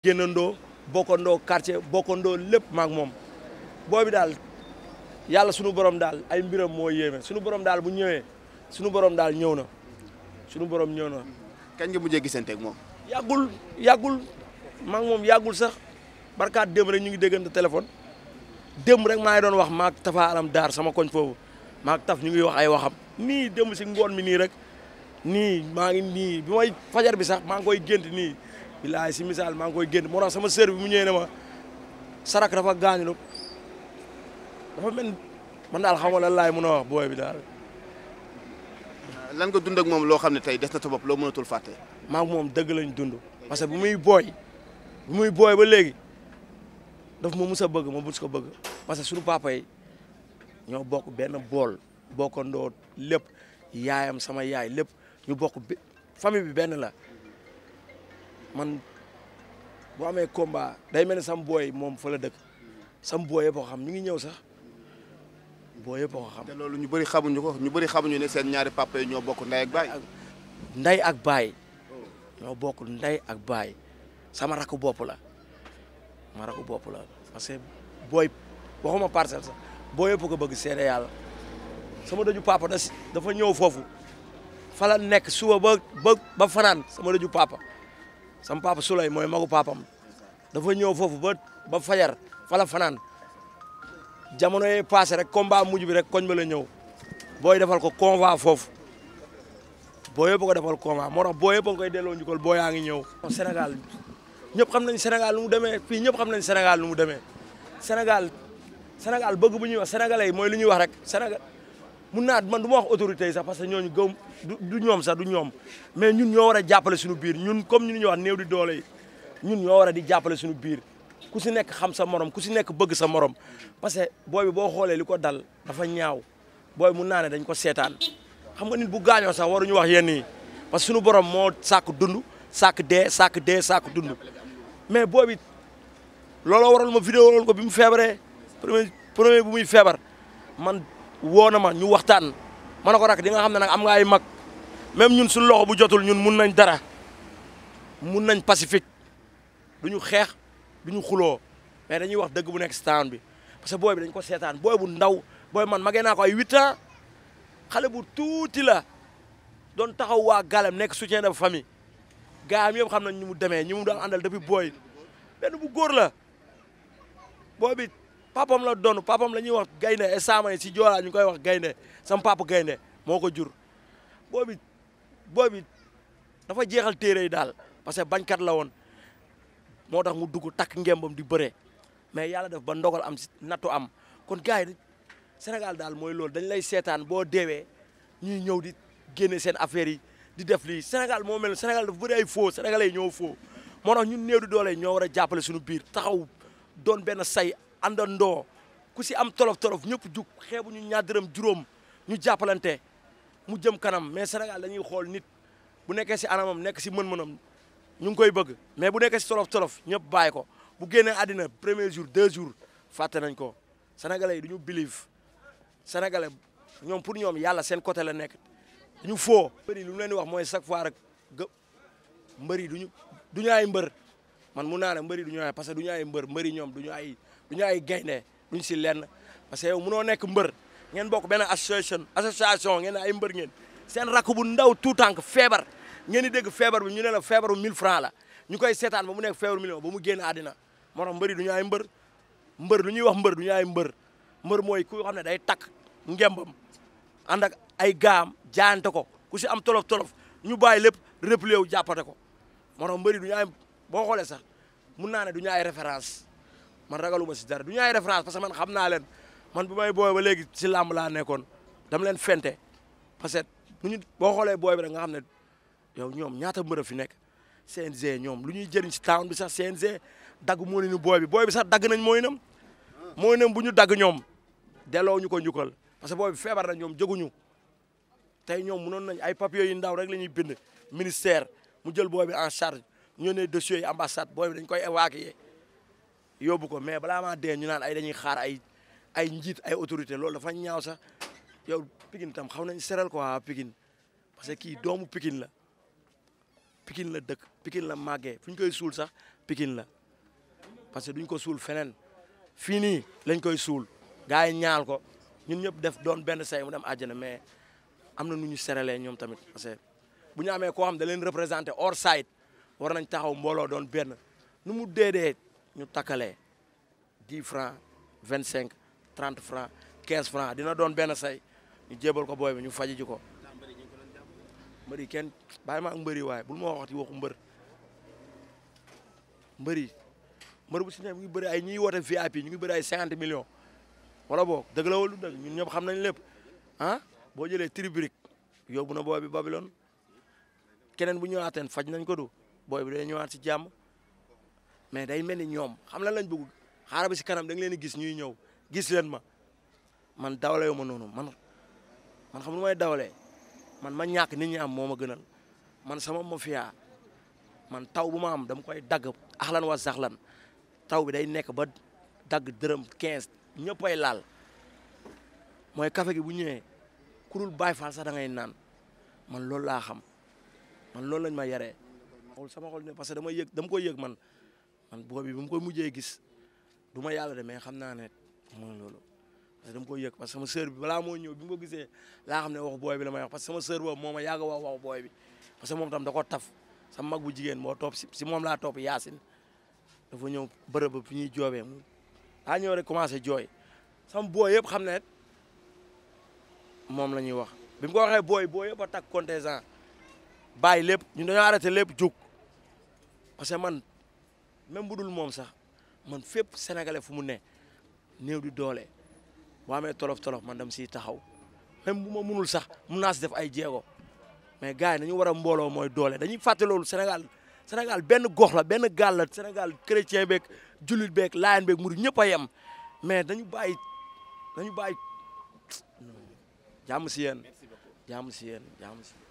génnandoo bokkandoo quartier bokkandoo lépp maak moom boobi daal yàlla sunu borom daal ay mbiram moo yéeme sunu borom daal bu ñëwee sunu borom daal ñëw na sunu borom ñëw na. kañ nga mujjee gisante ak moom. yàggul yàggul maak moom yàggul sax barkaat démb rek ñu ngi déggante téléphone démb rek maa ngi doon wax maak Tafa Alam Daar sama koñ foofu maak taf ñu ngi wax ay waxam nii démb si ngoon mi nii rek nii maa ngi nii bi may fajar bi sax maa ngi koy gént nii. bilaay si misaal maa ngi koy génn moo sama sœur bi mu ñëwee ne ma sarak dafa gaañu dafa mel man daal xam nga lan laay mën a wax booy bi daal. lan nga dund ak moom loo xam ne tey des na sa bopp loo mënatul fàtte. maa ngi moom dëgg lañ dund parce que bu muy booy bu muy booy ba léegi daf ma mus a bëgg ma mus ko bëgg parce que suñu papa yi ñoo bokk benn bool bokkandoo lépp yaayam sama yaay lépp ñu bokk famille bi benn la. man bu amee combat day mel ne sam booy moom fa la dëkk sam booy yëpp a ko xam ñu ngi ñëw sax booy yëpp a xam. te loolu ñu bëri xamuñu ko ñu bëri xamuñu ne seen ñaari papa yi ñoo bokk nday ak baay. nday ak baay ñoo bokk nday ak baay sama rakk bopp la sama rakk la parce que booy waxuma parcelle sax booy yëpp ko bëgg seede yàlla sama daju papa da dafa ñëw foofu fala nekk suba ba ba fanaan sama daju papa. sama papa mooy magu papam dafa ñëw foofu ba ba fajar fala fanaan jamono yee passé rek combat mujj bi rek koñ ba la ñëw booy defal ko convoi foofu booy yëpp ko defal convoi moo tax booy yëpp a koy delloo njukkal booy yaa ngi ñëw. Sénégal ñëpp xam nañ senegal nu mu demee fii ñëpp xam nañ Sénégal nu mu demee Sénégal Sénégal bëgg bu ñuy wax yi mooy lu ñuy wax rek Sénégal. mun naa man du ma wax autorité yi sax parce que ñooñu gëm du ñoom sax du ñoom mais ñun ñoo war a jàppale suñu biir ñun comme ñun ñuy wax new di doole yi ñun ñoo war a di jàppale suñu biir ku si nekk xam sa morom ku si nekk bëgg sa morom parce que booy boo xoolee li ko dal dafa ñaaw booy mun naa ne dañ ko seetaan xam nga nit bu gaañoo sax ñu wax yenn yi parce que suñu borom moo sàkk dund sàkk dee sàkk dee sàkk dund mais booy bi looloo waral ma vidéo loolu ko bi mu feebaree premier bu muy feebar man. woo na ma ñu waxtaan ma ne ko rak di nga xam ne nag am nga ay mag même ñun suñu loxo bu jotul ñun mun nañ dara mun nañ pacifique duñu xeex duñu xuloo mais dañuy wax dëgg bu nekk si taan bi parce que booy bi dañ ko seetaan booy bu ndaw booy man magee naa ko ay huit ans xale bu tuuti la doon taxaw waa Galem nekk soutien de famille gars am yëpp xam nañ ñu mu demee ñu mu daan àndal depuis booy benn bu góor la booy bi papam la dono, papam la ñuy wax gaynde et saama si jola ñu koy wax gaynde sam papa gaynde moko ko jur bobi bobi dafa jeexal téere dal daal parce que bañkat la won motax bom mu duggu tak ngembam di bëree mais yalla def ba ndogal am natu am kon gars Senegal dal daal mooy dañ lay seetaan bo dewe, ñuy ñëw di génne sen affaire yi di def li senegal mo mel Senegal dafa bëri ay faux senegalay yi ñoo faux moo tax ñun néew di doole ñoo wara jappalé suñu biir taxaw doon ben say andando ku ci am tolof tolof ñëpp juk xébu ñu ñaadërem juroom ñu jappalanté mu jëm kanam mais Sénégal dañuy xol nit bu nekk ci anamam nekk ci mën-mënam ñu ngi koy bëgg mais bu nekk ci tolof tolof ñëpp bay ko bu génné adina premier jour deux jours faté nañ ko sénégalais yi believe sénégalais ñom pour ñom yalla seen côté la nekk ñu fo bari lu mu leen wax chaque fois rek mbeuri duñu duñu ay mbeur man mu naale mbeuri duñu ay parce que duñu ay mbeur mbeuri ñom duñu ay. du ñu ay gaynde duñ si lenn parce que yow munoo nekk mbër ngeen bokk benn association association ngeen ay mbër ngeen seen rakk bu ndaw tout tànk feebar ngeen di dégg feebar bi ñu ne la feebaru 1000 francs la ñu koy seetaan ba mu nekk feebaru million ba mu génn àddina moo tax mbër yi du ñu ay mbër mbër lu ñuy wax mbër du ñu ay mbër mbër mooy ku xam ne day takk ngembam ànd ak ay gaam jaante ko ku si am tolof tolof ñu bàyyi lépp réplié wu jàppate ko moo tax mbër yi du ñu ay boo xoolee sax mun naa ne du ñu ay référence man ragaluma si dara du ñu ay référence parce que man xam naa leen man bu may booy ba léegi si làmb laa nekkoon dam leen fente parce que nu ñu boo xoolee booy bi rek nga xam ne yow ñoom ñaata mbërë fi nekk CNG ñoom lu ñuy jëriñ si town bi sax CNG dagg moo ni booy bi booy bi sax dagg nañ mooy nam mooy nam bu ñu dagg ñoom delloo ñu ko njukkal parce que booy bi feebar na ñoom jóguñu tey ñoom mënoon nañ ay papiers yu ndaw rek la ñuy bind ministère mu jël booy bi en charge ñoo ne dossiers yi ambassade booy bi dañ koy évacuer yóbbu ko mais balaa ma dee ñu naan ay dañuy xaar ay ay njiit ay autorité loolu la dafa ñaaw sax yow pikin tam xaw nañ seral quoi pikin parce que kii doomu pikin la Pikine la dëkk Pikine la màggee fu ñu koy suul sax Pikine la parce que duñ ko suul feneen fii nii lañ koy suul gars yi ñaal ko ñun ñëpp def doon benn say mu dem àjjana mais am na nu ñu seralee ñoom tamit parce que bu ñu amee koo xam da leen représenté hors site war nañ taxaw mbooloo doon benn nu mu dee ñu takalé 10 francs 25 30 francs 15 francs dina doon ben say ñu djébal ko boy, bi ñu faji jiko mbeuri ken kenn ak mbeuri way bu mo wax ci waxu mbeur mbeuri mbeur bu si mu ngi ay ñi wote VIP ñu ngi bëri ay 50 millions wala bok deug la walu deug ñun ñëpp xam nañ lepp ah bo jëlé tribrik yobuna boy bi Babylone kenen bu ñëwaateen faj nañ ko do boy bi day ñëwaat si jamm mais day mel ni ñoom xam lan lañ bëgg xaara ba kanam da nga leen gis ñuy ñëw gis leen ma man dawale wu ma noonu man man xam lu may dawalee man ma ñàkk nit ñi am moo ma gënal man sama mafia man taw bu ma am dama koy dagg axlan wa saxlan taw bi day nekk ba dagg dërëm 15 ñëppay laal mooy café gi bu ñëwee kurul Baay Faal sa da ngay naan man loolu laa xam man loolu lañ ma yaree xol sama xol ne parce que dama yëg dama koy yëg man man boo bi bu mu koy mujjee gis du ma yàlla de mais xam naa ne mooy loolu parce que dama koy yëg parce que sama sœur bi balaa moo ñëw bi mu ko gisee laa xam ne wax booy bi la may wax parce que sama sœur boobu moo ma yàgg wax wax booy bi parce que moom tam da ko taf sama mag bu jigéen moo topp si moom laa topp Yacine dafa ñëw bërëb ba ñuy joobee mu daa ñëw rek commencé jooy sama booy yëpp xam ne moom la ñuy wax bi mu ko waxee booy booy yëpp a takk contagion bàyyi lépp ñun dañoo arrêté lépp man même bu dul moom sax man fépp sénégalais fu mu ne néew di doole boo amee tolof tolof man mu si taxaw même bu ma munul sax mu naa si def ay jéego mais gars yi nañu war a mbooloo mooy doole dañuy fàtte loolu Sénégal Sénégal benn gox la benn gaal la Sénégal chrétien beeg jullit beeg laayan beeg murid ñëpp a yem mais dañu bàyyi dañu bàyyi jàmm si yéen jàmm si yéen jàmm si